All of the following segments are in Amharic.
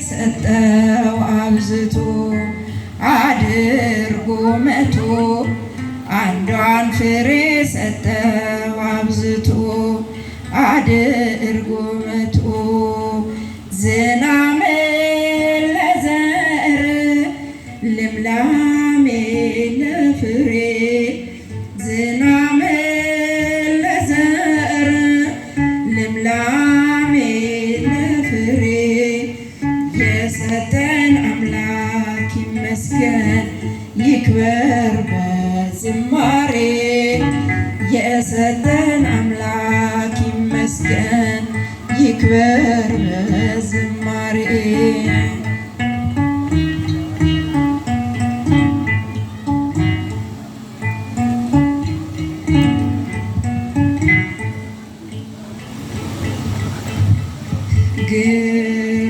የሰጠው አብዝቶ አድርጎ መቶ አንዷን ፍሬ ሰጠው አብዝቶ አድርጎ መቶ ዝና እንክበር በዝማሬ የሰጠን አምላክ ይመስገን። ይክበር በዝማሬ ግን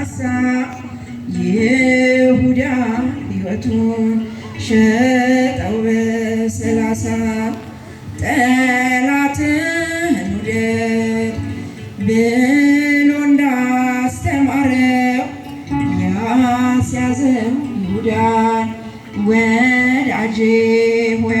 ተንቀሳቀሳ ይሁዳ ሕይወቱን ሸጠው በሰላሳ ጠላትህን ውደድ ብሎ እንዳስተማረው ያስያዘው ይሁዳን ወዳጄ ሆይ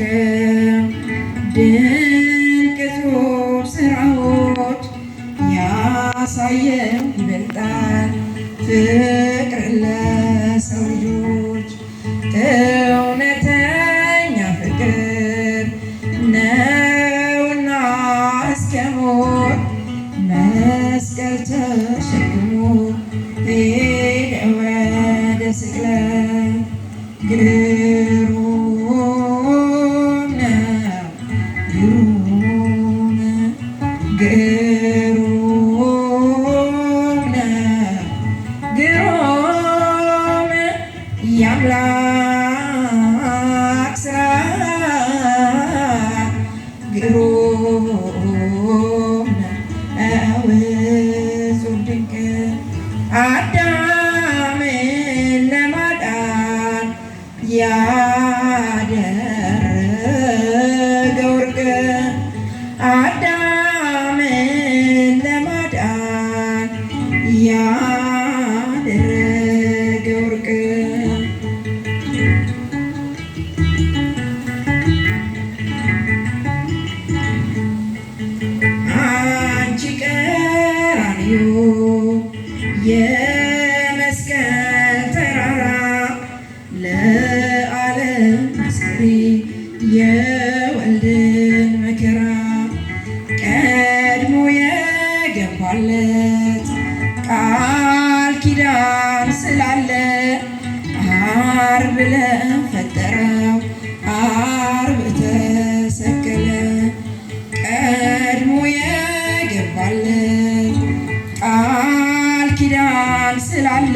ናቸው ድንቅ ስራዎች ያሳየው ይበልጣል ፍቅር ለሰው ልጆች እውነተኛ ፍቅር ነውና እስከ ሞት መስቀል ተሸክሞ ሄደ ወደ ስቅለት ግሩም ነህ ግሩም የአምላክ ስራ ግሩም you. Yeah.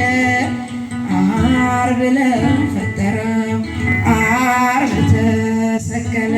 አለን ዓርብ ዕለት ፈጠረ ዓርብ ተሰቀለ